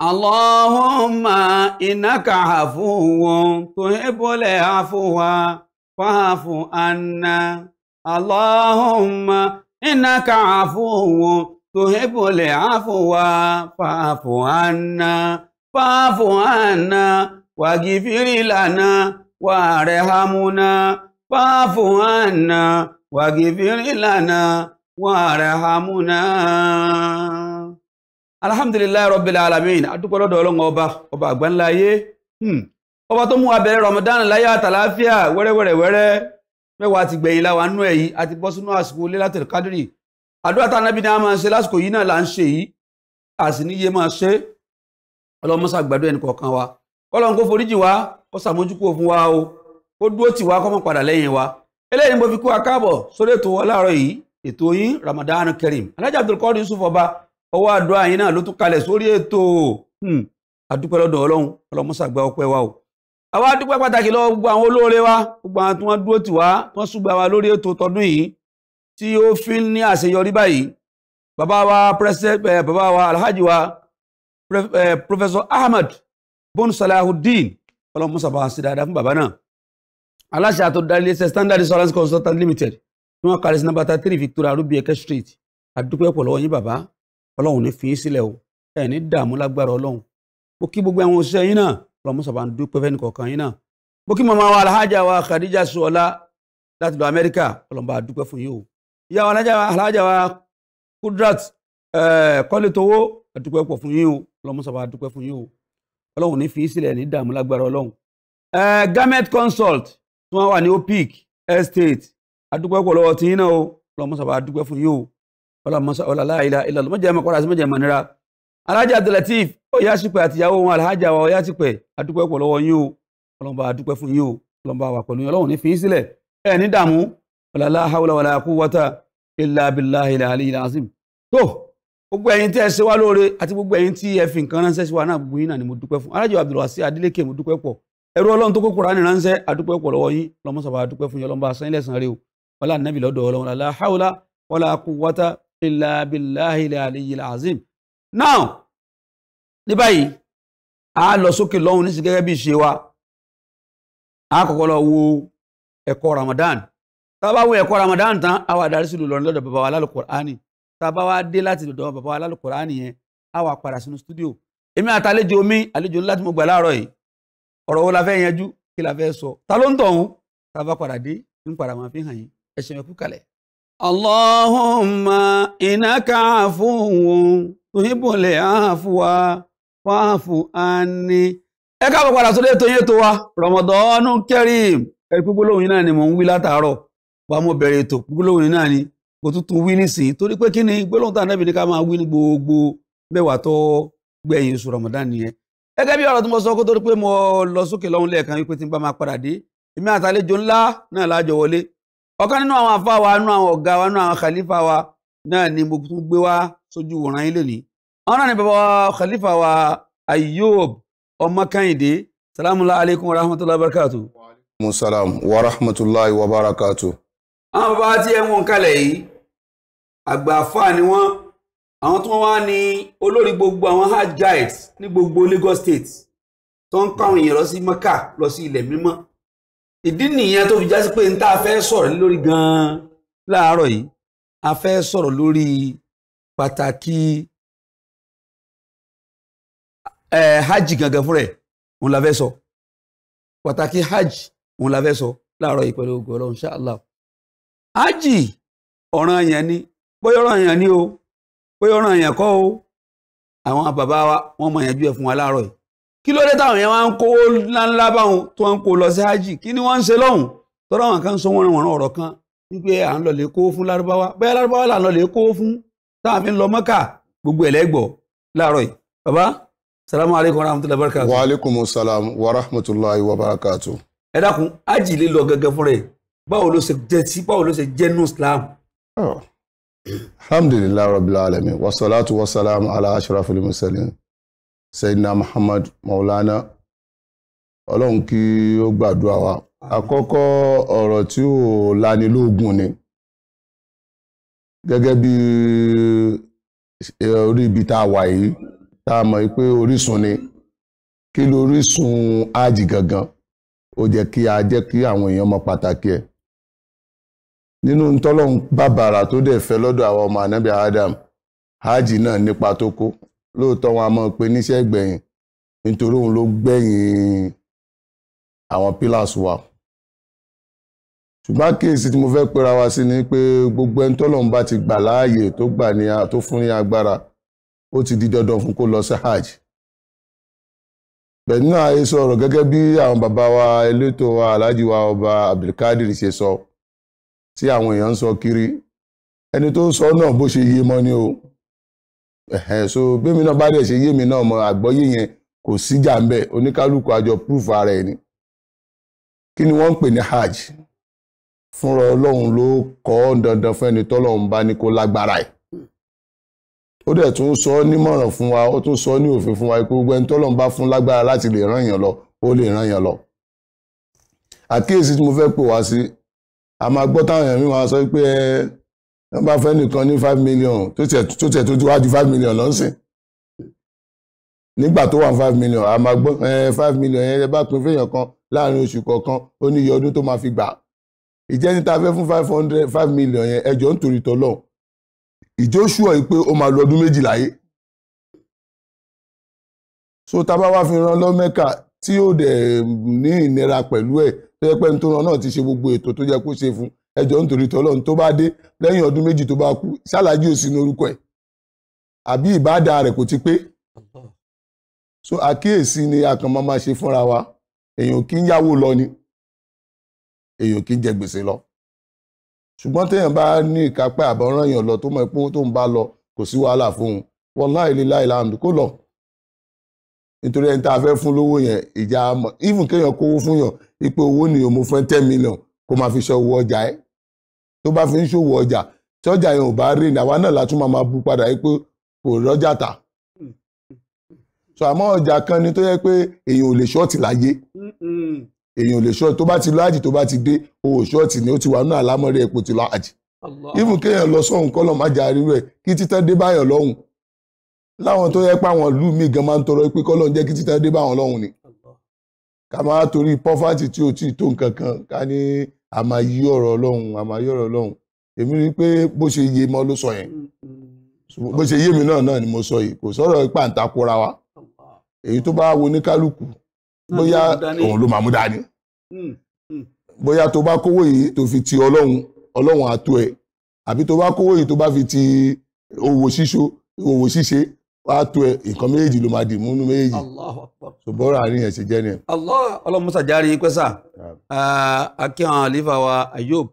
Allahumma innaka afuwun tuhibbul afwa fa'fu anna. Allahumma innaka afuwun tuhibbul afwa fa'fu anna. Fa'fu anna waghfir lana warhamna. Fa'fu anna waghfir lana warhamna alhamdulilayi rabbil alamin adúpẹ́ lọ́dọ̀ ọlọ́run ọba ọba àgbáńlá ayé hmm. ọba tó mú abẹ̀rẹ̀ ramadan láyé àtàláfíà wẹ́rẹ́wẹ́rẹ́wẹ́rẹ́ mẹ́wàá ti gbẹ̀yìn láwa nú ẹ̀yí àti bọ́ sínú àsìkò lailatul kadiri àdúrà tá anábì náà máa ń ṣe lásìkò yìí náà là ń ṣe yìí àsì níye máa ṣe ọlọ́run mọ́sá gbàdúrà ẹnì kọ̀ọ̀kan wa kọ́lọ́run kó foríjì wa kó sàmójúkú fún wa o kó dúró tì wá kọ́mọ padà lẹ́yìn wa eléyìí mo fi kú akáàbọ̀ sórí ètò wa yìí ètò yín ramadan kareem alájà abdulkadir yusuf ọba ọwọ́ àdúrà yín náà ló tún kalẹ̀ sórí ètò àdúpẹ́ hmm, lọ́dọ̀ ọlọ́run ọlọ́mọ́sàgbà ọpẹ́ wa o àwa dúpẹ́ pàtàkì lọ́wọ́ gbogbo àwọn olóore wa gbogbo àwọn tí wọ́n dúró tì wá wọ́n súgbà wa lórí ètò tọdún yìí tí ó fi ń ní àṣeyọrí báyìí bàbá wa eh, bàbá wa alhaji wa eh, professor ahmed bon salahuddin ọlọ́mọ́sàgbà sí dáadáa fún bàbá náà aláṣẹ àtọ́dálẹ́ standard insurance consultant limited tí wọ́n kalẹ̀ sí number thirty three victoria rubi eke street àdúpẹ́ pọ̀ lọ́wọ́ yín bàbá ọlọ́run ní fi í sílẹ̀ o ẹ̀ ní dààmú lágbára ọlọ́run mo kí gbogbo àwọn òṣìṣẹ́ yín náà lọ́mọ sọ̀bà ń dúpẹ́ fẹ́ni kọ̀ọ̀kan yín náà mo kí màmá wa alhaja wa khadija suola láti lọ amẹ́ríkà ọlọ́mọba dúpẹ́ fún yín o ìyá wa alhaja wa kudrat kọ́lé towó dúpẹ́ pọ̀ fún yín o ọlọ́mọ sọ̀bà dúpẹ́ fún yín o ọlọ́run ní fi í sílẹ̀ ní dààmú lágbára ọlọ́run gamet consult tí wọ́n wà ní opic estate adúpẹ́ pọ̀ lọ́wọ́ tí yín náà o ọlọ́mọ sọ̀bà dúpẹ́ fún yín o ọlọ́láìlá ìlọ́lọ́ mọ́jẹ́ ẹmọ kọ́ra sí mọ́jẹ́ ẹmọ nira alájà Abdulateef ó yá sípẹ́ àtìyàwó wọn alhaja wa ọyá sípẹ́ adúpẹ́ pọ̀ lọ́wọ́ yín o ọlọ́mọba adúpẹ́ fún yín o ọlọ́mọba wà pẹ̀lú yín ọlọ́run ní fi í sílẹ̀ ẹ ní dààmú ọlọ́lá haúlá wàlá quwwata illa billahi aliyil azim tó gbogbo ẹ̀yin tí ẹ ṣe wá lóore àti gbogbo ẹ̀yin tí ẹ fi nǹkan ránṣẹ́ sí wa náà gbogbo yín náà ni mo dúpẹ́ fún alájà Abdulwasi Adeleke mo dúpẹ́ pọ̀ ẹrú ọlọ́run tó kó Kùránì ránṣẹ́ adúpẹ́ pọ̀ lọ́wọ́ yín ọlọ́mọsàbà adúpẹ́ fún yín ọlọ́mọba sanyílẹ̀sán rẹ ilà abiláhi ilẹ̀ àlìyìlẹ̀ azim now ní báyìí a lọ sókè lọ́hùn ní sí gẹ́gẹ́ bí ṣe wa a kọ́kọ́ lọ wo ẹ̀kọ́ Ramadan tá a bá wo ẹ̀kọ́ Ramadan tán a wà darí sílùú lọ́rin lọ́dọ̀ bàbá wa lálùkùránì tá a bá wá dé láti lọ́dọ̀ bàbá wa lálùkùránì yẹn a wà padà sínú stúdíò èmi àti àlejò mi àlejò ńlá tí mo gbà láàárọ̀ yìí ọ̀rọ̀ wo la fẹ́ yanjú kí la fẹ́ sọ ta ló ń tọ̀hún tá bá padà dé ń padà máa fi hàn yín ẹ ṣe mẹ́kú kalẹ̀. ọlọhụma ị na-aka afụwụ tohibụle ahafụwa pụ aafụ ani eka bụkwara toleetoonye towa ramadonkeri karịkpgboloe naanị mụ m wil atarụ gbamobereto gbugoloe anị tụtụ wi si tollikpe kini gbelont abin ka ma Ramadan gwugbo gbuo bewatụ gbe zụr rama ega i ọrọdụmbọzọkụtoikpe soke lọụ le wụ lee k a ekweti mgbmakpara dị ime atali junla na ala ajọwa ọ̀kan nínú àwọn àfa wa nínú àwọn ọ̀gá wa nínú àwọn khalifa wa náà ni mo tún gbé wá sójú wòran yín lónìí àwọn náà ni bàbá wa khalifa wa Ayub ọmọ Kẹ́hìndé salamu alaykum wa rahmatulahi wa barakatu. musalam wa rahmatulahi wa barakatu. àwọn bàbá tí ẹ ń wọn kalẹ̀ yìí àgbà àfa ni wọ́n àwọn tí wọ́n wá ní olórí gbogbo àwọn hajj guides ní gbogbo Lagos State tó ń kọ́ àwọn èèyàn lọ sí Mẹ́kà lọ sí ilẹ̀ mímọ́ ìdí nìyẹn tó fi já sí pé n tá fẹ́ sọ̀rọ̀ lórí gan-an láàárọ̀ yìí a fẹ́ sọ̀rọ̀ lórí pàtàkì hajj gangan fúnra ẹ̀ òun la fẹ́ sọ pàtàkì hajj òun la fẹ́ sọ láàárọ̀ yìí pẹ̀lú ògo Ọlọ́run ṣáàlá hajj ọ̀ràn yẹn ni bóyá ọ̀ràn yẹn ni o bóyá ọ̀ràn yẹn kọ́ o àwọn bàbá wa wọ́n mọ̀ yẹn jú ẹ̀ fún wa láàárọ̀ yìí kí ló dé táwọn yẹn wá ń kó ńláńlá báwọn tó ń kó lọ sí hajj kí ni wọ́n ń ṣe lọ́hùn tọ́rọ àwọn kan ń sọ wọ́n ràn wọ́n ọ̀rọ̀ kan wípé à ń lọ lè kó fún lárúbáwá bẹ́ẹ̀ lárúbáwá là ń lọ lè kó fún táwọn fi ń lọ mọ́kà gbogbo ẹ̀lẹ́gbọ̀ láàárọ̀ yìí bàbá salamu aleykum wa rahmatulahi wa barakatu. wa aleykum salam wa rahmatulahi wa barakatu. ẹ dákun hajj lè lọ gẹ́gẹ́ fúnra ẹ báwo ló ṣe jẹ sí báwo ló ṣe jẹ nù islam. Oh. alhamdulilayi rabbil alamin wasalaatu wasalaamu ala ashrafil Sayyidina Muhammad Maulana ọlọ́run kí ó gbàdúrà wa àkọ́kọ́ ọ̀rọ̀ tí ó lanilógun ni gẹ́gẹ́ bí orí ibi tá a wà yìí tá a mọ̀ pé orísun ni kí ló lórísun ájì gangan ó jẹ́ kí a jẹ́ kí àwọn èèyàn mọ̀ pàtàkì ẹ̀ nínú tọ́lọ́hún bàbàrà tó dẹ̀ fẹ́ lọ́dọ̀ àwọn ọmọ ànábì Adam hajj náà nípa tó kó lóòótọ́ wọn a mọ̀ pé níṣẹ́ gbẹ̀yìn nítorí òun ló gbẹ̀yìn àwọn pillars wa ṣùgbọ́n kíyèsí tí mo fẹ́ pera wa sí ni pé gbogbo ẹni tọ́lọ́run bá ti gbà láàyè tó gbà ní tó fún ní agbára ó ti di dandan fún kó lọ sí hajj pẹ̀lú náà ayé sọ̀rọ̀ gẹ́gẹ́ bí àwọn bàbá wa elétò wa alhaji wa ọba abdulkadir ṣe sọ tí àwọn èèyàn ń sọ kiri ẹni tó sọ náà bó ṣe yé mọ́ ni o ẹ̀hẹ́n so bẹ́mi náà bá dẹ̀ ṣe yé mi náà mọ àgbọ́yé yẹn kò síjà ń bẹ̀ oníkálukú àjọ proof ara ẹ̀ ni kí ni wọ́n ń pè ní hajj fúnra ọlọ́run ló kọ́ ọ́ dandan fún ẹni tọ́lọ́run bá ní kó lágbára ẹ̀ ó dẹ̀ tún sọ ọ́ nímọ̀ràn fún wa ó tún sọ ọ́ ní òfin fún wa pé gbogbo ẹni tọ́lọ́run bá fún lágbára láti lè ràn yàn lọ ó lè ràn yàn lọ àkíyèsí tí mo fẹ́ pè wá sí a máa gbọ́ táwọn èèyàn mi máa sọ pé ẹ nọ́mbà fẹ́ nìkan ní five million tó tiẹ̀ tó ti wá ju five million lọ́sìn nígbà tó wà five million a máa gbọ́ five million yẹn ẹ bá pín fẹ́yàn kan láàrin oṣù kọ̀ọ̀kan ó ní iye ọdún tó máa fi gbà ìjẹ́ni tá a fẹ́ fún five hundred five million yẹn ẹ jọ̀ọ́ nítorí tọ́lọ̀ ìjọ ṣù ọ́ pé ó máa lo ọdún méjì láyé so tá a bá wá fi ran lọ́mẹ́ka tí yóò dẹ̀ ní ìnira pẹ̀lú ẹ̀ tó yẹ pé ní tó ran náà ti ṣe gbogbo ètò tó yẹ kó ṣe fún ẹjọ́ nítorí tọ́lọ́run tó bá dé lẹ́yìn ọdún méjì tó bá kú ṣáláàjì ò sí ní orúkọ ẹ̀ àbí ìbáàdà rẹ̀ kò ti pé so àkíyèsí ni a kàn máa ma ṣe fúnra wa èèyàn kì í yáwó lọ ni èèyàn kì í jẹ gbèsè lọ ṣùgbọ́n téèyàn bá ní ìkápẹ́ àbọ̀ràn èèyàn lọ tó mọ epo tó ń bá lọ kò sí wàhálà fún un wallahi lillahi alhamdu kó lọ nítorí ẹni tá a fẹ́ fún lówó yẹn ìjà mọ̀ even kéèyàn kówó fún yàn ipò owó nìyẹn mo fẹ́ ten million kó máa fi ṣe owó ọjà ẹ̀ tó bá fi ń ṣòwò ọjà tí ọjà yẹn ò bá rìn àwa náà la máa máa bu padà yìí pé kò rọ́jà tà so àmọ́ ọjà kan ni tó yẹ pé èèyàn ò lè ṣọ́ọ̀tì láyé èèyàn ò lè ṣọ́ọ̀tì tó bá ti lọ àjì tó bá ti dé owó ṣọ́ọ̀tì ni ó ti wà nínú àlámọ́rí epo ti lọ àjì even kéèyàn lọ sọ́hùn kọ́lọ̀ má jà rírọ̀ ẹ̀ kí títàn dé báyọ̀ lọ́hùn láwọn tó yẹ pé àwọn ìlú mi gan máa ń tọrọ pé kọ́lọ̀ ń jẹ́ kí títàn dé báwọn lọ́hùn ni ká máa torí pọ́fàtì tí ò tí tó nǹkan kan ká ní a máa yí ọ̀rọ̀ ọlọ́run a máa yí ọ̀rọ̀ ọlọ́run èmi rí i pé bó ṣe yé mọ́ ló sọ yẹn mm, mm. bó ṣe yé mi náà náà ni mo sọ yìí kò sọ̀rọ̀ ipá ń takora wa èyí tó bá wo ní kálukú bóyá òun ló máa mú dání mm, bóyá tó bá kówó yìí tó fi ti ọlọ́run ọlọ́run àtó ẹ̀ àbí tó bá kówó yìí tó bá fi ti òwò ṣíṣo òwò ṣíṣe wàá tó ẹ nǹkan méjèèjì ló máa dì múnú méjèèjì ṣùgbọ́n àárín ẹ̀ ṣe jẹ́ ni. Allah ọlọ́mọ sàjárí pẹ́sà akí àwọn àlífà wa Ayub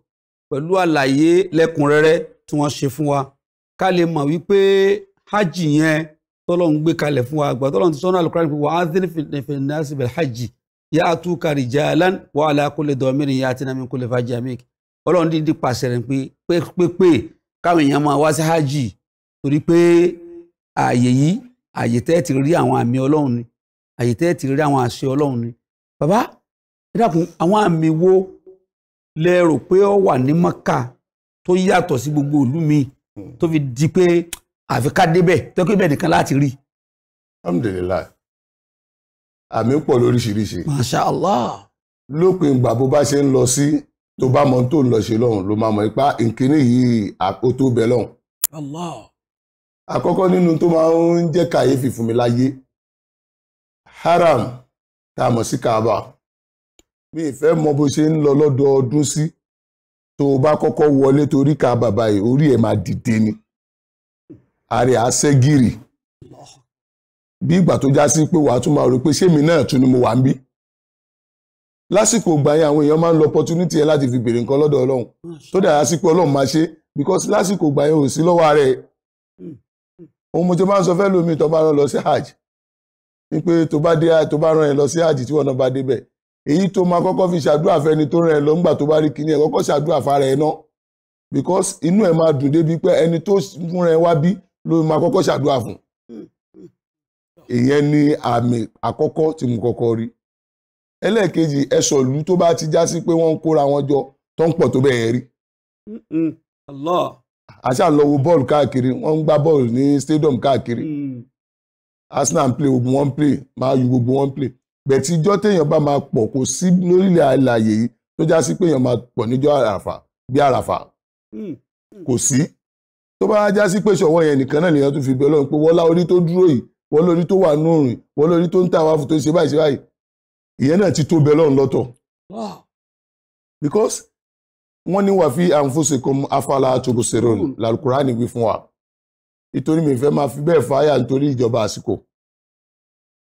pẹ̀lú àlàyé lẹ́kùnrẹ́rẹ́ tí wọ́n ṣe fún wa ká lè mọ̀ wípé hajj yẹn tọ́lọ́run gbé kalẹ̀ fún wa àgbà tọ́lọ́run ti sọ́nà alukura nípa wa'adhin fil-nasi bil-hajj ya'tuka rijalan wa 'ala kulli damirin ya'tina min kulli fajjin amik ọlọ́run dídí pàṣẹ rẹ̀ pé pépépé káwọn èèyàn máa wá sí hajj torí pé ààyè yìí ààyè tẹ́ẹ̀ ti rí àwọn àmì ọlọ́run ni ààyè tẹ́ẹ̀ ti rí àwọn àṣẹ ọlọ́run ni bàbá dákun àwọn àmì wo lẹ rò pé ó wà ní mọ́kà tó yàtọ̀ sí gbogbo ìlú mi tó fi di pé àfi ká débẹ̀ tó kí bẹ́ẹ̀ nìkan láti rí. alhamdulillah àmì pọ̀ lóríṣiríṣi. masha allah. lópin ìgbà bó bá ṣe ń lọ sí tó bá mọ tó ń lọ ṣe lọ́hùn ló máa mọ̀ ipá nkíní ah, yìí ó bẹ lọ́hùn. allah. àkọ́kọ́ nínú tó máa ń jẹ́ kàyéfì fún mi láyé haram tá a mọ̀ sí kaaba mi ìfẹ́ mọ bó ṣe ń lọ lọ́dọọdún sí tó o bá kọ́kọ́ wọlé torí ka bàbá yìí orí ẹ̀ máa dìde ni ààrẹ àṣẹgìrì bí ìgbà tó já sí pé wàá tún máa rò pé ṣémi náà tún ni mo wà ń bí lásìkò ìgbà yẹn àwọn èèyàn máa ń lo opportunity ẹ láti fi béèrè nǹkan lọ́dọ̀ ọlọ́run tó dàrá sí pé ọlọ́run máa ṣe because lásìkò ìgbà yẹn ò sí lọ́wọ́ ara ẹ̀ òun mo ti máa ń sọ fẹ́ lómi tó bá rán lọ sí hajj ni pé tó bá rán ẹ lọ sí hajj tí wọn náà bá débẹ̀ èyí tó máa kọ́kọ́ fi ṣàdúrà fẹ́ni tó rẹ̀ lọ́ngbà tó bá rí kíní ẹ̀ kọ́kọ́ ṣàdúrà fara ẹ̀ náà because inú ẹ̀ máa dùn débi pé ẹni tó fún rẹ̀ wá bí ló máa kọ́kọ́ ṣàdúrà fún ìyẹn ni àmì àkọ́kọ́ tí mo kọ́kọ́ rí ẹlẹ́ẹ̀kejì ẹ̀sọ̀ ìlú tó bá ti já sí pé wọ́n ń kóra wọn jọ tó ń pọ̀ tó bẹ́ẹ̀ rí àṣà lọ wo bọ́ọ̀lù káàkiri wọ́n ń gbá bọ́ọ̀lù ní stadium káàkiri mm. Arsenal play gbogbo wọn play máa yù gbogbo wọn play bẹ̀tí ijọ́ téèyàn bá máa pọ̀ kò sí lórílẹ̀ àlàyé yìí tó já sí pé èèyàn máa pọ̀ níjọ́ àràfà bí àràfà hmm. kò sí tó bá já sí pé ṣọ̀wọ́ yẹn nìkan náà lèèyàn tún fi bẹ ọlọ́run pé wọ́lá orí tó dúró yìí wọ́n lórí tó wà nù rìn wọ́n lórí tó ń tà wáfù tó ṣe báyìí ṣe báyìí ìyẹn náà ti tó bẹ ọlọ́run lọ́tọ̀ because wọ́n ní wàá fi àǹfọ̀sẹ̀kọ́m afala àtòkòsẹ̀rọ̀ hmm. làlùkùránì wí fún wa ìtorí mi fẹ́ máa fi bẹ́ẹ̀ fáyà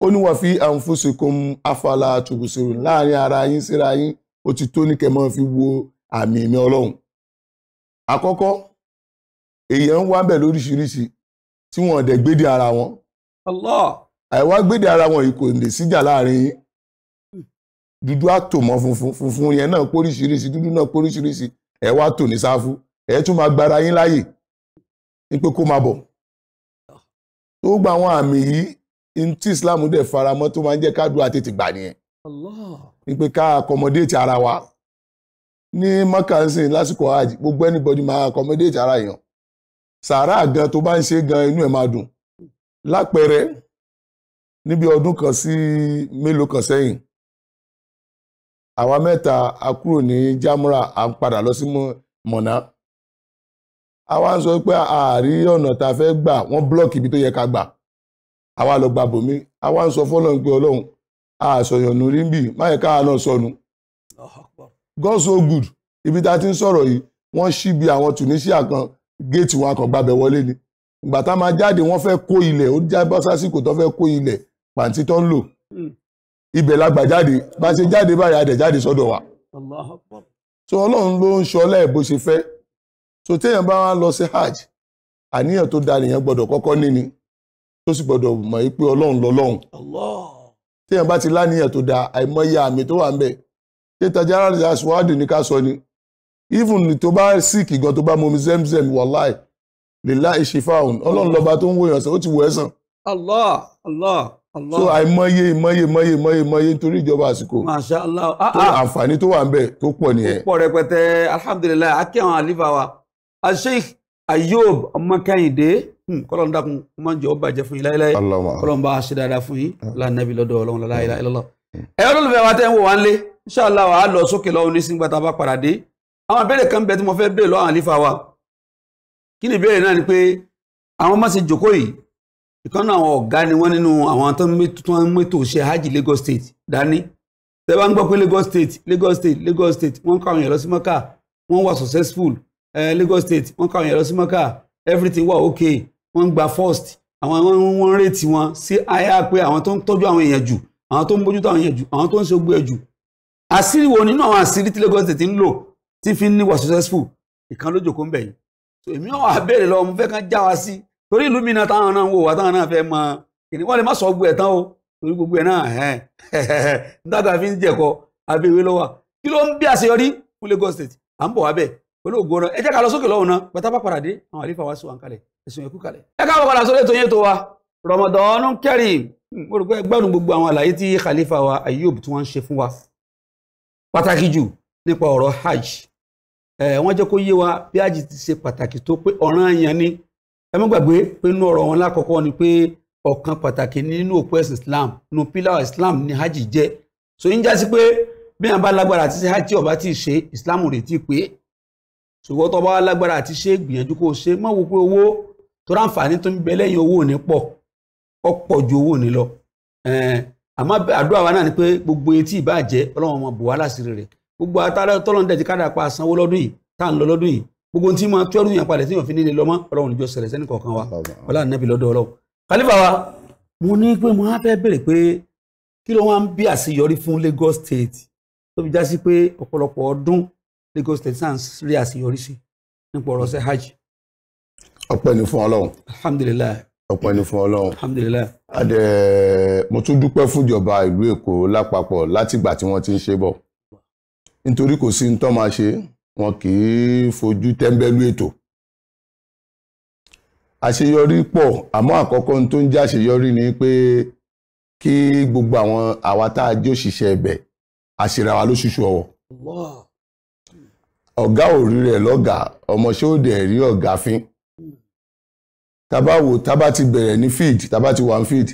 ó ní wọ́n fi àǹfóṣekùn afala tòbùsòrò láàrin ara yín síra yín ó ti tó ní kẹ́ máa fi wo àmì ìmí ọlọ́run àkọ́kọ́ èèyàn ń wá bẹ̀ lóríṣiríṣi tí wọ́n dẹ̀ gbédè ara wọn Allah àìwá gbédè ara wọn yìí kò lè síjà láàrin yín dúdú àtòmọ́ funfun funfun yẹn náà póríṣiríṣi dúdú náà póríṣiríṣi ẹ̀ wá tò ní sáfù ẹ̀ tún máa gbára yín láàyè ní pé kó máa bọ̀ tó gba àwọn àmì yìí ntí islam dẹ̀ faramọ́ tó máa ń jẹ́ kádùá tètè gbà nìyẹn. ní pé ká accommodate ara wa ní mọ́kànsìn lásìkò hajj gbogbo anybody máa accommodate ara èèyàn sàárà gan tó bá ń ṣe gan inú ẹ̀ máa dùn lápẹẹrẹ níbi ọdún kan sí mélòó kan sẹ́yìn àwa mẹ́ta a kúrò ní Jamra à ń padà lọ sí mọ̀nà àwa ń sọ pé àárí ọ̀nà tá a fẹ́ gbà wọ́n blọ́ọ̀kì ibi tó yẹ ká gbà àwa lọ gba bòmí àwa ń sọ fọ́lọ́run pé ọlọ́run àṣọyànnú rí ń bì máyẹ̀ káà náà sọnù. God so good ibi tá a ti ń sọ̀rọ̀ yìí wọ́n ṣí bí àwọn Tunisia kan géètì wọn akọ̀ gbabẹ̀ wọlé ni ìgbà tá a máa jáde wọ́n fẹ́ kó ilẹ̀ ó já bọ́sásìkò tó fẹ́ kó ilẹ̀ pàǹtí tó ń lò hmm. ibẹ̀ la gbà jáde bá ṣe jáde báyìí adẹ̀ jáde sọ́dọ̀ wa. so ọlọ́run ló ń ṣọlá ẹ̀ bó ṣe fẹ́ so téèyàn bá wá lọ sí hajj àníyàn tó da nìyẹn gbọ́dọ̀ kọ́kọ́ níni tó sì gbọdọ̀ mọ̀ pé ọlọ́run lọ́lọ́run. téèyàn bá ti láníyàn tó dáa àìmọye àmì tó wà ń bẹ̀ ṣé tajà rárá aṣọ́wádìí ni ká sọ ni even tó bá síìkì gan tó bá momi zemzem wàláì lillahi shifa'un ọlọ́run lọ́ba tó ń wòyàn sàn ó ti wò ẹ́ sàn. Allah so àìmọye ìmọye ìmọye ìmọye ìmọye nítorí ìjọba àsìkò. masha ah, ah. àǹfààní tó wà ń bẹ̀ tó pọ̀ nìyẹn. pọ̀ rẹpẹtẹ alhamdulilayi akẹ́wọ̀n àlífà wa Sheikh Ayub Ọmọkẹ́yìndé Hmm, kọ́lọ́n dákun ó máa ń jẹ́ ó bàjẹ́ fún yín láéláé kọ́lọ́n bá a ṣe dáadáa fún yín ah. lánàbí lọ́dọ̀ ọlọ́run la ilaha illallah. Hmm. ẹ̀rọ lólùfẹ́ wa tẹ́ ń wò wá ń lé inshallah wàá lọ sókè lọ́wọ́ ní sígbà tá a bá padà dé àwọn ìbéèrè kan bẹ tí mo fẹ́ béèrè lọ́wọ́ àwọn àlífà State dání tẹ́ bá ń State Lagos State Lagos State wọ́n ń kọ́ successful Lagos State wọ́n ń everything wà okay. wọ́n ń gba first àwọn wọ́n ń rètí wọn sí àyà pé àwọn tó ń tọ́jú àwọn èèyàn jù àwọn tó ń bójútó àwọn èèyàn jù àwọn tó ń ṣe ogbó ẹ̀ jù àṣírí wo nínú àwọn àṣírí tí Lagos State ń lò tí fi ń ní wà successful ìkan lójòkó ń bẹ̀ yìí so èmi náà wà béèrè lọ mo fẹ́ kán já wa sí torí ìlú mi náà táwọn náà ń wò wá táwọn náà fẹ́ mọ kìnìún wọn lè má sọ gbogbo ẹ̀ tán o torí gbogbo ẹ̀ náà ẹ̀ ẹ̀ ń dàgbà fi ń jẹ̀kọ abẹ́wé lọ́wọ́ kí ló ń bí àṣeyọrí fún Lagos State à ń bọ̀ wá bẹ́ẹ̀ pẹ̀lú ògo náà ẹ jẹ́ ká lọ sókè lọ́hùn náà pẹ̀tà bá padà dé àwọn àlefa wa sí wa ń kalẹ̀ ẹ̀sùn ẹ̀kú kalẹ̀. ẹ káàbọ̀ padà sórí ètò yẹn tó wa Ramadan Kareem mo rò pé gbádùn gbogbo àwọn àlàyé tí Khalifa wa Ayub tí wọ́n ń ṣe fún wa pàtàkì jù nípa ọ̀rọ̀ hajj wọ́n jẹ́ kó yé wa bí hajj ti ṣe pàtàkì tó pé ọ̀ranyàn ni ẹ má gbàgbé pé inú ọ̀rọ̀ wọn lákọ̀ọ́kọ́ ni pé ọ̀kan pàtàkì nínú òpó ẹ̀sìn Islam nínú pílà Islam ni hajj jẹ́ so ń jásí pé bí wọn bá lágbára àti ṣe hajj tí ti ṣe Islam rè ti pé ṣùgbọ́n tó bá lágbára àti ṣe gbìyànjú kó o ṣe má wo pé owó tó ráǹfààní tó ń bẹ lẹ́yìn owó òní pọ̀ ọ pọ̀ ju owó òní lọ àmọ́ àdúrà wa náà ni pé gbogbo etí ìbàjẹ́ ọlọ́run ọmọ bò wá láṣìírí gbogbo atárẹ́ tọ́lọ́n dẹ̀ ti káàdà pa àsanwó lọ́dún yìí tá à ń lọ lọ́dún yìí gbogbo tí mo tẹ́rù yàn padà tí yàn fi nílé lọ́mọ́ ọlọ́run ìjọ sẹ̀rẹ̀ sẹ́ni kọ̀ọ̀kan wa ọlá nẹ́bí lọ́dọ̀ wa mo ní pé mo á fẹ́ béèrè pé kí ló State tó fi já Lagos State sans rí àṣeyọrí sí nípa ọ̀rọ̀ ṣe hajj. ọpẹ́ ni fún Ọlọ́run. alhamdulilayi. ọpẹ́ ni fún Ọlọ́run. alhamdulilayi. adẹ mo tún dúpẹ́ fúnjọba ìlú Èkó lápapọ̀ látìgbà tí wọ́n ti ń ṣe bọ̀ nítorí kò sí ntọ́ máa ṣe wọn kì í fojú tẹ́ńbẹ́lú ètò àṣeyọrí pọ̀ àmọ́ àkọ́kọ́ tó ń jẹ́ àṣeyọrí ni pé kí gbogbo àwọn àwa tá a jẹ́ òṣìṣẹ́ ẹ̀bẹ̀ àṣìra wa lóṣooṣù ọwọ́. Allah ọ̀gá òrí rẹ̀ lọ́gàá ọmọṣẹ́ òde ẹ̀rí ọ̀gá fín tábà wò tábà ti bẹ̀rẹ̀ ní field tábà ti wà ní field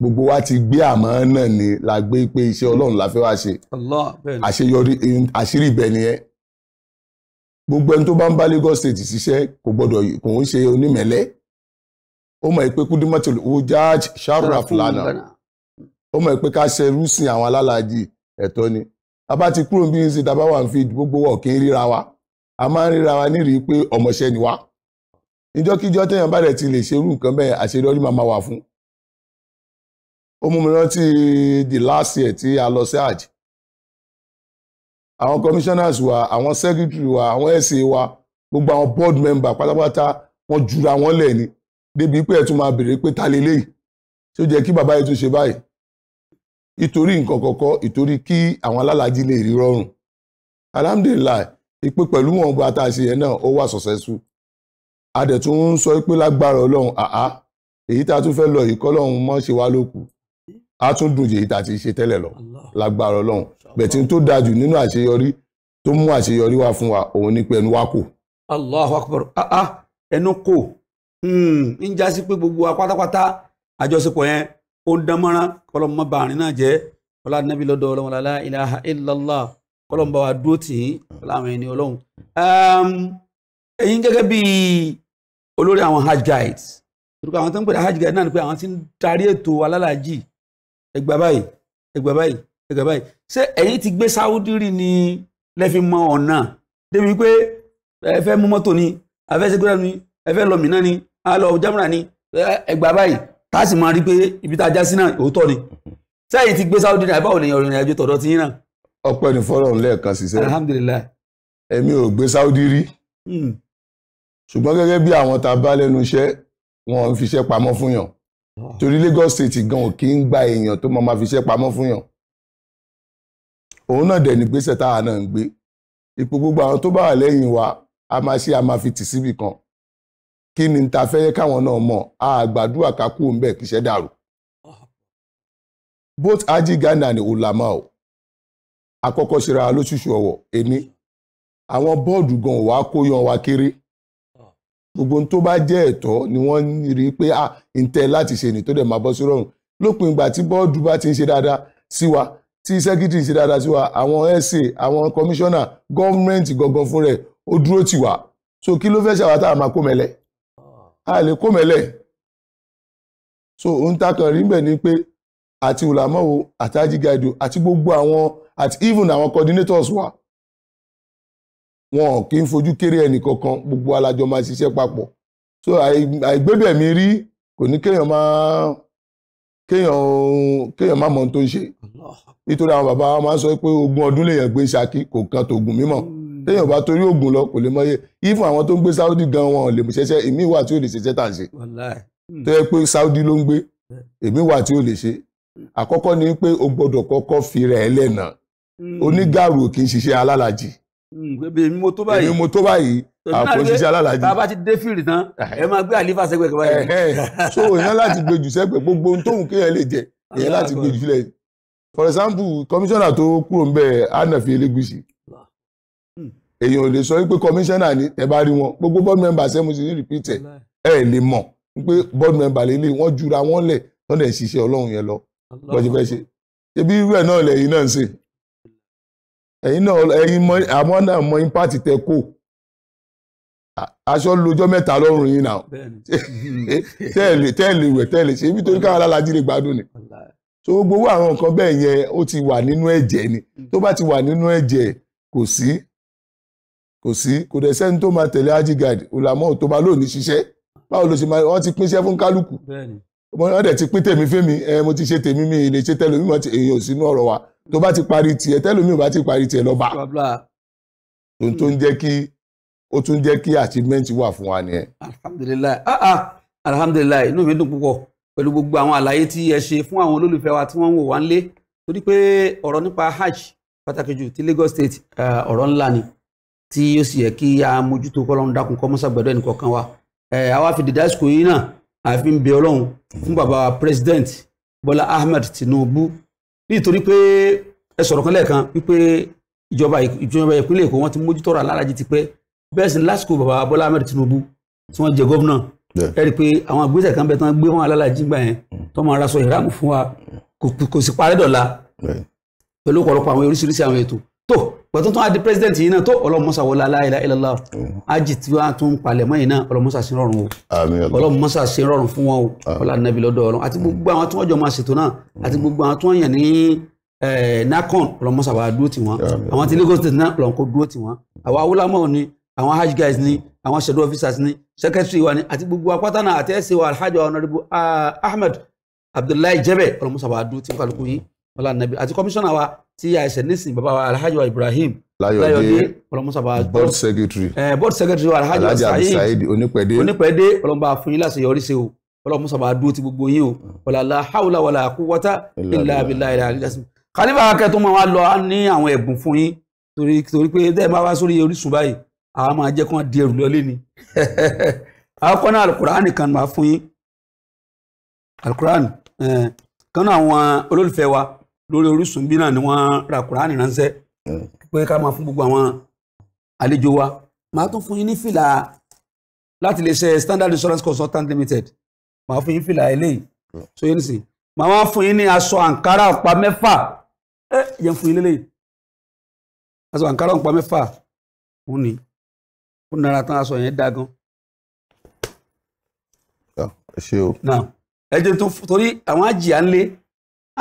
gbogbo wa ti gbé àmọ́ náà ni la gbé pé iṣẹ́ ọlọ́run la fẹ́ wá ṣe àṣeyọrí àṣírí ibẹ̀ nìyẹn gbogbo ẹni tó bá ń bá Lagos State ṣiṣẹ́ kò gbọ́dọ̀ kò ń ṣe onímẹ̀lẹ́ ó mọ̀ pé kúdímọ́tò ó jáàj sharaf lana ó mọ̀ pé ká ṣe rúsìn àwọn alálàájì ẹ̀tọ́ ni abá ti kúrò bí ṣe tá a bá wà ń fi gbogbo wọ̀ kí n ríra wa a máa ń ríra wa nírìí pé ọmọọṣẹ́ ni wá ìjọ́kíjọ́ téèyàn bá rẹ̀ ti lè ṣerú nǹkan bẹ́ẹ̀ àṣeyọrí máa wà fún ó mú mi rántí the last year tí a lọ sí àjì àwọn commissioners wa àwọn secretary wa àwọn sa wa gbogbo àwọn board member pátápátá wọ́n jura wọ́n lẹ̀ ni débi pé ẹ̀ tún máa béèrè pé ta lélẹ́yìí tí ó jẹ́ kí bàbá yìí tún ṣe báyìí ìtorí nǹkan kọ̀ọ̀kọ́ ìtorí kí àwọn alálàájì lè rí rọrùn alhamdulilayi ìpè pẹ̀lú wọn gba tá a ṣe yẹn náà ó wà successful adẹ̀tún ń sọ pé lágbára ọlọ́run àá èyí tá a tún fẹ́ lọ yìí kọ́lọ́run mọ́ ṣe wá lókù á tún dùn jù èyí tá a ti ṣe tẹ́lẹ̀ lọ lágbára ọlọ́run bẹ̀tí tó dáa jù nínú àṣeyọrí tó mú àṣeyọrí wá fún wa òun ni pé ẹnu wa kò. Allahu Akbar ah ah ẹnu kò hmm, ń já sí pé gbogbo wa àjọṣepọ̀ yẹn ó dán mọ́rán kọlọ́mù mọ́ bàárín náà jẹ́ ọlá nàbí lọ́dọ̀ ọlọ́run lálá ilaha illallah kọlọ́mù bá wa dúró tì í láwọn ẹni ọlọ́run. ẹ̀yin gẹ́gẹ́ bí olórí àwọn hajj guides orúkọ àwọn tó ń pè ní hajj guide náà ni pé àwọn ti ń darí ètò alálàájì ẹgbà báyìí ẹgbà báyìí ẹgbà báyìí ṣé ẹ̀yin ti gbé sáwúdí rí ni lẹ́fi mọ ọ̀nà débi pé ẹ fẹ́ mú mọ́tò ni àfẹ́ ṣẹ́gbẹ́rẹ́ ni ẹ fẹ́ lọ mìíràn tá a sì máa rí pé ibi tá a já sí náà òótọ́ ni sẹ́yìn ti gbé Saudi náà báwo lèèyàn rìnrìn àjò tọ̀dọ̀ ti yín náà. ọpẹ́ ni fọ́lọ́run lẹ́ẹ̀kan sí sẹ́yìn alhamdulilayi. èmi ò gbé Saudi rí hmm. ṣùgbọ́n gẹ́gẹ́ bí àwọn tá a bá lẹ́nu iṣẹ́ wọn ń fiṣẹ́ pamọ́ fún yàn ah. torí Lagos State gan ò kí ń gba èèyàn tó máa fiṣẹ́ pamọ́ fún yàn òun náà dẹ̀ nígbésẹ̀ táwa náà ń gbé ipò gbogbo àwọn tó bá wà lẹ́yìn wa a máa ṣe a máa fi tì síbì kan kí ni ta fẹ́ káwọn náà mọ̀ àgbàdua kakú ń bẹ̀ kíṣẹ́ dàrú. both Haji Ghana ni ulama o àkọ́kọ́ ṣera lóṣooṣù ọ̀wọ̀ ẹni àwọn bọ́ọ̀dù gan wà kó yan wa kéré gbogbo tó bá jẹ́ ẹ̀tọ́ ni wọ́n rí i pé à ah, ń tẹ́ láti ṣe ni tó dẹ̀ máa bọ́ sí rọrùn lópin ìgbà tí bọ́ọ̀dù bá ti ń ṣe dáadáa sí wa tí sẹ́kítì ń ṣe dáadáa sí wa àwọn ẹ̀sìn àwọn kọmíṣánná gọ́ọ̀mẹ̀ntì gangan fún rẹ̀ ó dúró tì wá so kí ló fẹ́ ṣàwátà àmàkómẹ́lẹ́ a lè kó mẹ́lẹ̀ so ohun tá a kàn rí bẹ̀ ni pé àti ìlàmọ́wò àti ajígáìdò àti gbogbo àwọn àti even àwọn coordinators wa wọn kì í fojú kéré ẹnì kankan gbogbo alájọ máa ṣiṣẹ́ papọ̀ so àìgbébẹ̀ mi rí kò ní kéèyàn máa kéèyàn kéèyàn máa mọ ohun tó ń ṣe nítorí àwọn bàbá wa máa ń sọ pé ogún ọdún lèèyàn gbé ṣákí kò kan tògùn mímọ́. Hmm téèyàn bá torí oògùn lọ kò lè mọyé ifun àwọn tó ń gbé Saudi gan wọn ò lè ṣẹṣẹ èmi wà tí ò lè ṣiṣẹ́ tà ṣe hmm. tó yẹ pé Saudi ló ń gbé hmm. èmi wà tí ò lè ṣe àkọ́kọ́ ni pé o gbọ́dọ̀ kọ́kọ́ fi rẹ̀ ẹlẹ́nà hmm. onígàrú kì í ṣiṣẹ́ alálàjì èmi mo tó báyìí èmi mo tó báyìí àpò ṣiṣẹ́ alálàjì tá ti dé fìrì tán ẹ máa gbé àlífà sẹ́gbẹ̀ kan báyìí. so èèyàn láti gbèjù sẹ́gbẹ̀ gbogbo ohun tóun kéèyàn lè jẹ èèyàn láti gbèjù sílẹ̀ for example commissioner tó kúrò ń bẹ̀ Hannah Elegushi èèyàn ò lè sọ pé kọmíṣánná ni ẹ bá rí wọn gbogbo board member ṣe mo sì ní rìpítẹ ẹ lè mọ̀ pé board member lè lè wọ́n jura wọ́n lẹ̀ wọ́n dẹ̀ ṣiṣẹ́ Ọlọ́run yẹn lọ bọ́jú fẹ́ ṣe ebi irú ẹ̀ náà lẹ́yìn náà ń ṣe ẹ̀yin náà ẹ̀yin mọ̀ àmọ́ náà mọ̀ impact tẹ kó aṣọ lójọ́ mẹ́ta lọ́rùn yìí náà tẹ́ẹ̀lì tẹ́ẹ̀lì wẹ̀ tẹ́ẹ̀lì ṣe ibi torí káwọn alájí lè gbádùn ni tó gbogbo àwọn nǹkan bẹ́ẹ̀ yẹn ó ti wà nínú ẹ̀jẹ̀ ni mm. tó bá ti wà nínú ẹ̀jẹ̀ kò sí kò sí kò dẹ̀ sẹ́ni tó máa tẹ̀lé hajj guide olàmọ́ tó máa lò ní ṣiṣẹ́ báwo ló ṣe máa wọ́n ti pín iṣẹ́ fún kálukú wọ́n dẹ̀ ti pín tèmi fẹ́mi ẹ mo ti ṣe tèmi mi lè ṣe tẹ́lómi mọ́ èyí ò sínú ọ̀rọ̀ wa tó bá ti parí tiẹ̀ tẹ́lómi ò bá ti parí tiẹ̀ lọ́ba ohun tó ń jẹ́ kí ó tún jẹ́ kí achievement wà fún wa nìyẹn. alhamdulilayi ah ah alhamdulilayi inú mi dùn púpọ̀ pẹ̀lú gbogbo àwọn àlàyé tí ẹ ṣe fún àwọn olólùfẹ́ wa tí wọ́n ń wò wá ń lé torí pé ọ̀rọ̀ nípa hajj pàtàkì jù ti Lagos State eh, ọ̀rọ̀ ńlá ni tí ó sì yẹ kí a mójútó kọ́lọ́run dákun kọ́ mọ́sàgbẹ́dọ́ ẹnì kọ̀ọ̀kan wa àwa fi dìdá àsìkò yìí náà àfi ń bẹ ọlọ́run fún bàbá president Bọ́lá Ahmed Tinubu nítorí pé ẹ sọ̀rọ̀ kan lẹ́ẹ̀kan wípé ìjọba ìpínlẹ̀ Èkó wọn ti mójútó ọ̀rọ̀ alárajì ti pẹ́ bẹ́ẹ̀ sì lásìkò bàbá Bọ́lá Ahmed Tinubu tí wọ́n jẹ gómìnà ẹ rí i pé àwọn ìgbésẹ̀ kan bẹ tán gbé wọn alálàájì gbà yẹn tó máa raṣọ ìráàmù fún wa kò sì parẹ́ dọ̀la pẹ̀lú ọ̀pọ̀lọpọ̀ àwọn oríṣiríṣi àwọn ètò tó pẹ̀tù tún á di president yìí náà tó ọlọ́mọ́sà wọlé aláìlá ìlàlá mm-hmm. ájì tí wọ́n á tún palẹ̀ mọ́ yìí náà ọlọ́mọ́sà sí rọrùn o ọlọ́mọ́sà sí rọrùn fún wọn o ọlá nàbí lọ́dọ̀ ọlọ́run àti gbogbo àwọn tí wọ́n jọ máa ṣètò náà mm-hmm. àti gbogbo àwọn tí wọ́n yàn ní nacon ọlọ́mọ́sà wà dúró tiwọn àwọn ti Lagos state náà ọlọ́nkó dúró tiwọn àwọn awúlámọ̀ ni àwọn hajj guys ni àwọn shadow officers ni secretary wa ni àti gbogbo apáta náà àti ẹ̀sìn wa alhaji honorable Ahmed Abdullahi Jebe ọlọ́mọ́sà wà dúró tiwọn kálukú yìí ọlá nàbí àti commissioner wa tí àìsàn nísìnyí bàbá wa alhaji wa ibrahim láyọ̀dé board secretary eh, board secretary alhaji abdulsaid onípẹ̀dé onípẹ̀dé ọlọ́mọba fún yín láti yọrí sí o ọlọ́mọ sábà dúró ti gbogbo yín o wàlàlá haúlà wàlà quwwata illa billahi ilà àlìjásí kálífà akẹ́ tó máa wá lọ ní àwọn ẹ̀bùn fún yín torí torí pé dẹ́ẹ̀ máa wá sórí Orísun báyìí àwọn máa jẹ́ kí wọ́n di ẹrù lọ́lé ni àkọ́kọ́ náà alukur'an kan máa fún eh, àwọn olólùfẹ́ wa lórí Orísun bí náà ni wọ́n ra kùránì ránṣẹ́ hmm. pé ká máa fún gbogbo àwọn àlejò wa màá tún fún yín ní fìlà láti lè ṣe Standard Insurance Consultant Limited màá fún yín fìlà eléyìí hmm. so yín nìsín màá wá fún yín ní aṣọ àǹkárá ọ̀pá mẹ́fà ẹ yẹn fún yín lélẹ́yìí aṣọ àǹkárá ọ̀pá mẹ́fà òun ni ó nara tán aṣọ yẹn dá ẹ ṣe o. ẹ jẹ́ torí àwọn àjìyà ń lé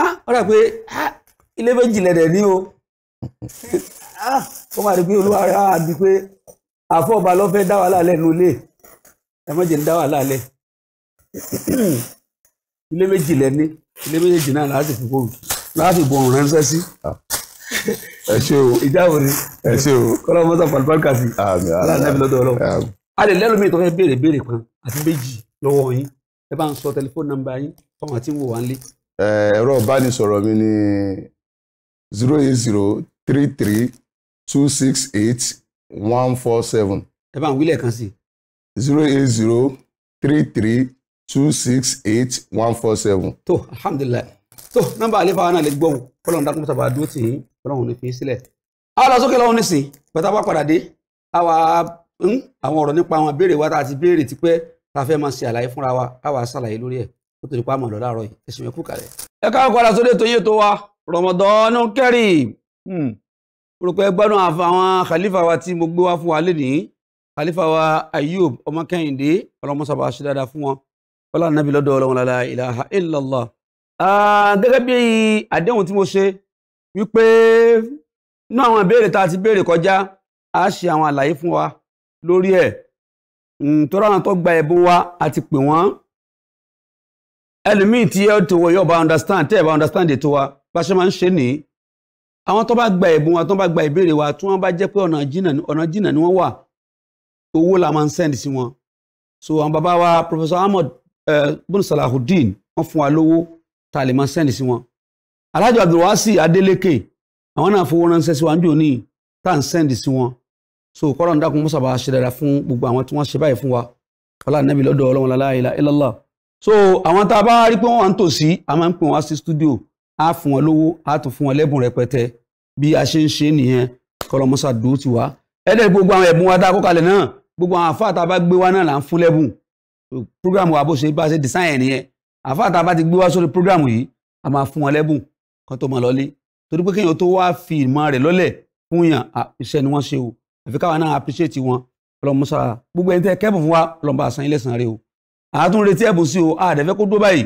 Ah, ó dà pé ah, ilé méjì lẹ̀dẹ̀ ní o ah, ó máa rí pé olúwa rẹ̀ á bí pé àfọ̀ọ̀bá ló fẹ́ dá wàhálà lẹ̀ nínú ilé ẹ má jẹ́ ń dá wàhálà lẹ̀ ilé méjì lẹ́ni ilé méjèèjì náà láti fi bò láti bò òun ránṣẹ́ sí. ẹ ṣe o ìjáwó ni ẹ ṣe o kọ́lá mọ́tò pàlùpàlùkà sí ọ̀là nàbí lọ́dọ̀ ọlọ́run a lè lẹ́rù míì tó fẹ́ béèrè béèrè kan àti méjì lọ́wọ́ yín ẹ bá ń sọ tẹlifóònù nọ́mbà yín fáwọn àti ń wò wá ń lé Eh, ẹ̀rọ ìbánisọ̀rọ̀ mi ni zero eight zero three three two six eight one four seven. ẹ bá ń wílẹ̀ kan sí. zero eight zero three three two six eight one four seven. tó alhamdulilayi tó nọ́mbà àlefa wa náà lè gbọ́n kọ́lọ́n dákun tó bá dúró tì í kọ́lọ́n ò fi sílẹ̀. a lọ sókè lọ́wọ́ nísìn pẹ̀tà bá padà dé àwa hmm, àwọn ọ̀rọ̀ nípa àwọn ìbéèrè wa tá a ti béèrè tipẹ́ tá a fẹ́ máa ṣe àlàyé fúnra wa àwa ṣàlàyé lórí ẹ̀ ó tó nípa àmọ̀lọ́ láàárọ̀ yìí ẹ̀sìn mẹ́kú kalẹ̀. ẹ káwọn padà sórí ètò yìí tó wa Ramadan Kareem hmm. rúpẹ́ gbọ́dọ̀ àwọn khalifa wa tí mo gbé wá fún wa lénìí khalifa wa Ayub ọmọ Kẹ́hìndé ọlọ́mọsàbà ṣe dáadáa fún wọn wọ́n láwọn nábì lọ́dọ̀ ọlọ́run lálá ilaha illallah. gẹ́gẹ́ bí àdéhùn tí mo ṣe wípé nínú àwọn ìbéèrè tá a ti béèrè kọjá a ṣe àwọn àlàyé fún wa lórí ẹ̀ hmm, tó ráwọn tó gba ẹ̀bùn wa àti pè wọ́n ẹlòmíì tí ẹ tó wọ yóò bá understand tẹ́ ẹ bá understand ètò wa bá ṣe máa ń ṣe nìyí àwọn tó bá gba ẹ̀bùn wa tó bá gba ìbéèrè wa tí wọ́n bá jẹ́ pé ọ̀nà jìnnà ni wọ́n wà owó la máa ń send sí wọn so àwọn bàbá wa Professor Ahmed bun Salahuddin wọ́n fún wa lówó tá a lè máa send sí wọn Alhaji Abdulwasi Adeleke àwọn náà fowó ránṣẹ́ sí wa ń jò ní tá à ń send sí wọn so kọ́lọ́ọ̀dà kún mọ́sàbà ṣe dára fún gbogbo àwọn tí wọ́n ṣe báyìí fún wa ọlá nàbí lọ́dọ̀ ọlọ́wọ́n la ilaha illallah so àwọn tá a bá rí pé wọ́n wà ń tòsí a máa ń pè wọ́n sí studio á fún wọn lówó á tún fún wọn lẹ́bùn rẹpẹtẹ bí a ṣe ń ṣe nìyẹn kọlọmọsà dùn ti wá ẹ̀ẹ́dẹ̀ gbogbo àwọn ẹ̀bùn wa dá kókalẹ̀ náà gbogbo àwọn àfáà tá a bá gbé wá náà là ń fún lẹ́bùn program wa bó ṣe bá ṣe design nìyẹn àfáà tá a bá ti gbé wá sórí program yìí a máa fún wọn lẹ́bùn kan tó máa lọlé torí pé kéèyàn tó wá fi ìmọ̀ rẹ̀ lọ́lẹ̀ fún yàn iṣẹ́ ni wọ́n ṣe o àfi káwọn náà appreciate wọn ọlọmọsà gbogbo ẹni tẹ́ kẹ́bùn fún wa àátún retí ẹ̀bùn sí o àdẹ̀fẹ́ kó dó báyìí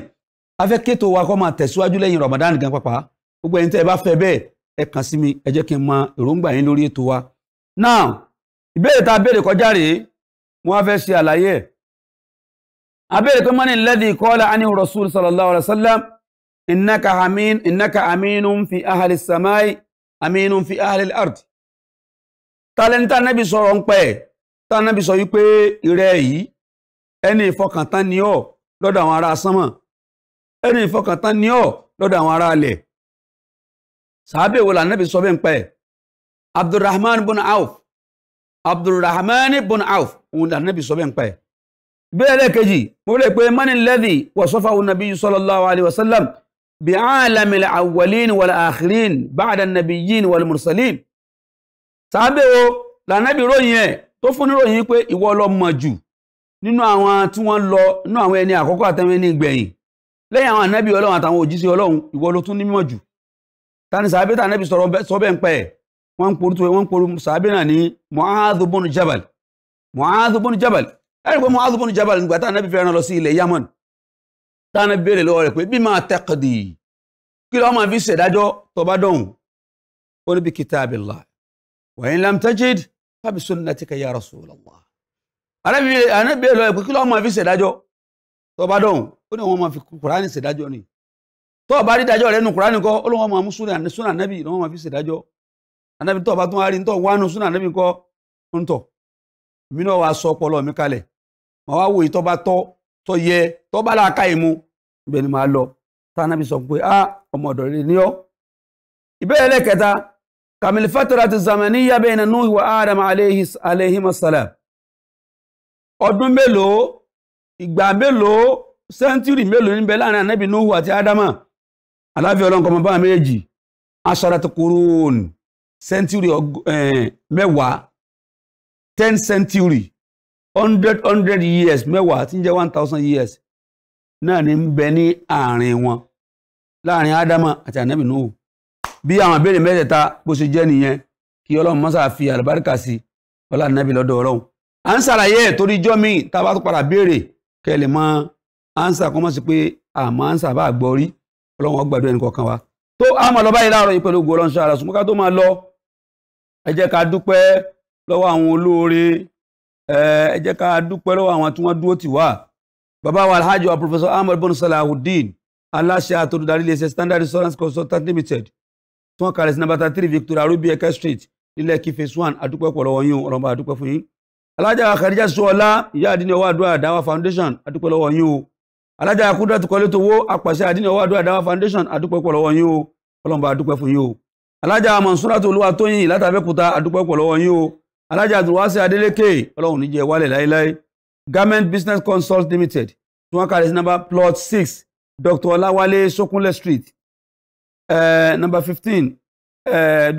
a fẹ́ kéètò wa kó máa tẹ̀síwájú lẹ́yìn Ramadan gan pàpà gbogbo ẹni tẹ́ ẹ bá fẹ́ bẹ́ẹ̀ ẹ kàn sí mi ẹ jẹ́ kí n mọ èròǹgbà yín lórí ètò wa. now ìbéèrè tá a béèrè kọjá rèé wọ́n á fẹ́ ṣe àlàyé ẹ̀. a béèrè pé mọ́ni lẹ́dí kọ́lá ani rasul sallallahu alayhi wa sallam innaka amin innaka aminun fi ahali samai aminun fi ahali ard. talẹ́ntà nábì sọ̀rọ̀ ń pẹ́ talẹ́ntà nábì sọ wípé ìrẹ́ yìí ẹni ìfọkàntán ni ọ́ lọ́dọ̀ àwọn ará sánmọ̀ ẹni ìfọkàntán ni ọ́ lọ́dọ̀ àwọn ará alẹ̀ sàábẹ̀ wo lànàbì sọ bẹ́ẹ̀ ń pẹ́ abdulrahman bun auf abdulrahman bun auf òun lànàbì sọ bẹ́ẹ̀ ń pẹ́ bẹ́ẹ̀ lẹ́ẹ̀kejì mo lè pe mani lẹ́dì wàsọ́fà nàbí sallallahu alayhi wa sallam bi alamil awwalin wal akhirin ba'da nabiyyin wal mursalin sàábẹ̀ wo lànàbì ròyìn ẹ̀ tó fún ní ròyìn pé ìwọ ló mọ̀ jù nínú àwọn tí wọ́n lọ nínú àwọn ẹni àkọ́kọ́ àtàwọn ẹni ìgbẹ̀yìn lẹ́yìn àwọn ànábì ọlọ́run àtàwọn òjíṣẹ́ ọlọ́run ìwọ ló tún ní mímọ̀ jù tani sàábé tà ànábì sọ̀rọ̀ sọ́bẹ̀ ń pẹ́ ẹ̀ wọ́n ń poru wọ́n ń poru sàábé náà ní Mu'adhu bun Jabal Mu'adhu bun Jabal ẹ̀rì pé Mu'adhu bun Jabal nígbà tá ànábì fẹ́ràn lọ sí ilẹ̀ Yaman tá ànábì béèrè lọ́wọ́ rẹ̀ pé bí máa taqdi kí ló máa fi ṣèdájọ́ tó bá dọ̀hùn ó ní bi kitabillah wa in lam tajid fa bi sunnatika ya Rasulullah arábìnrin anábìyẹ lọ ẹ̀pẹ́ kí lọ́wọ́ máa fi ṣèdájọ́ tó bá ó ní wọ́n máa fi ni tó rí dájọ́ ó máa mú máa fi anábì tún wá rí wánu ń náà wàá sọ ọpọlọ mi màá wá yẹ ni màá lọ sọ pé ah ọmọ ọ̀dọ̀ rẹ̀ ni ọ́ ìbéèrè lẹ́kẹta kàmìlì fàtàrà ti zàmẹ́níyà bẹ́ẹ̀ nínú ìwà ọdún mélòó ìgbà mélòó sẹ́ńtúrì mélòó níbẹ̀ láàrin ànábì Nuhu àti Ádámà aláfẹ́ ọlọ́nkọ́ ọmọ bá méjì asharat senturi sẹ́ńtúrì mẹ́wàá ten century hundred hundred years mẹ́wàá tí ń jẹ́ one thousand years náà ní ń bẹ ní àárín wọn láàrin adama àti ànábì Nuhu bí àwọn ìbéèrè mẹ́tẹ̀ẹ̀ta bó ṣe jẹ́ nìyẹn kí ọlọ́run mọ́sá fi àlùbáríkà sí lọ́dọ̀ à ń torí ijọ́ míì tá a bá tún padà béèrè kẹ́ ẹ lè mọ ánsà kọ́ mọ́ sí pé àmọ́ ánsà bá gbọ́ rí ọlọ́run ó gbàdúrà ẹnì kọ̀ọ̀kan wa tó àmọ́ lọ báyìí láàárọ̀ yìí pẹ̀lú ògo ọlọ́run ṣáà ṣùgbọ́n ká tó máa lọ ẹ jẹ́ ká dúpẹ́ lọ́wọ́ àwọn olóore ẹ jẹ́ ká dúpẹ́ lọ́wọ́ àwọn tí wọ́n dúró tì wá bàbá wa alhaji wa professor ahmed bonu salahudeen aláṣẹ àtòdúdarí iléeṣẹ́ standard insurance consultant limited tí wọ́n kalẹ̀ sí nàbàtà three victoria rubi eke street nílẹ̀ kí phase one àdúpẹ́ pọ̀ lọ́wọ́ yín ọlọ́mọ àdúpẹ́ fún yín alájà kàdíjà sọ́ọ́lá ìyá àdínní àdúrà àdáwà foundation adúpẹ́ lọ́wọ́ yín o alájà kúdà tó kọ́lé tó wó apàṣẹ àdínní àdúrà àdáwà foundation adúpẹ́ pọ̀ lọ́wọ́ yín o ọlọ́mọba adúpẹ́ fún yín o alájà mọ̀nsúrà tó olúwa tóyìn látàbẹ́kúta adúpẹ́ pọ̀ lọ́wọ́ yín o alájà àdùnwáṣẹ adélékè ọlọ́run níjẹ́ wálẹ̀ láéláé garment business consult limited tí wọ́n kàlẹ́ sí number plot six dr ọláwálé sókúnlé street uh, number fifteen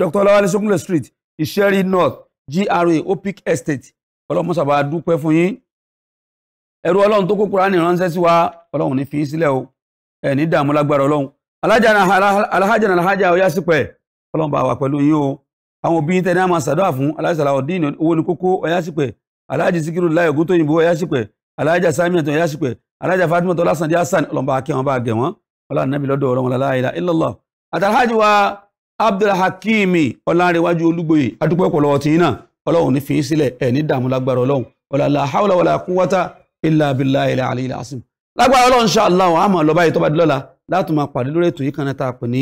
dr ọláwálé sókúnlé street ìṣẹ́rí north gra opic estate ọlọ́run mọ́sà bá dúpẹ́ fún yín ẹrú ọlọ́run tó kó Kùránì ránṣẹ́ sí wa ọlọ́run ní fi í sílẹ̀ o ẹ̀ ní dààmú lágbára ọlọ́run alájà alájà alájà ọyá sípẹ̀ ọlọ́run bá wà pẹ̀lú yín o àwọn òbí tẹ̀ ní àmà sàdọ́à fún alájà Salaudeen owó ní kókó ọyá sípẹ̀ alájà Sikiru Lai Ògúntóyìnbó ọyá sípẹ̀ alájà Sami ẹ̀tọ́ ọyá sípẹ̀ alájà Fatima tọ́lá sàndí hasan ọlọ́run bá kẹ́ wọn bá gẹ̀ wọ́n ọlọ́run nàbí lọ́dọ̀ ọ̀rọ̀ wọn la ilaha illallah àtàlájà wa ọlọ́run ní fi í sílẹ̀ ẹ̀ ní dààmú lágbára ọlọ́run wala la hawla wala quwwata illa billahi al-aliyyil azim lágbára ọlọ́run insha Allah àwọn àmọ̀ lọ́ba ìtọ́ba dìlọ́la láti máa pàdé lórí ètò yìí kan náà tá a pè ní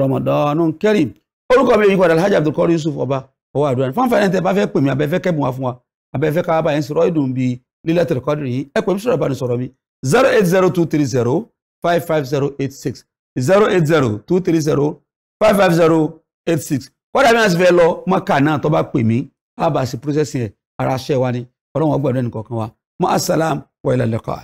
Ramadanun Kareem orúkọ mi yìí padà Alhaji Abdulkadir Yusuf ọba ọwọ́ àdúrà ní fáńfà ẹ̀ńtẹ́ bá fẹ́ pè mí abẹ́fẹ́ kẹ́bùn wa fún wa abẹ́fẹ́ ká bá yẹn sọ̀rọ̀ ìdùn bíi lílẹ̀ zero eight zero two three zero five five zero eight six zero eight zero two three zero five five zero eight six kọ́dà mi náà sì fẹ́ lọ mọ́kà náà tó bá pè mí a bá ṣe processing ẹ̀ ara ṣẹ́ wa ni ọlọ́run ọgbọ́dọ̀ ẹnì kọ̀ọ̀kan wa mọ́ asalaam wa ilal liqa.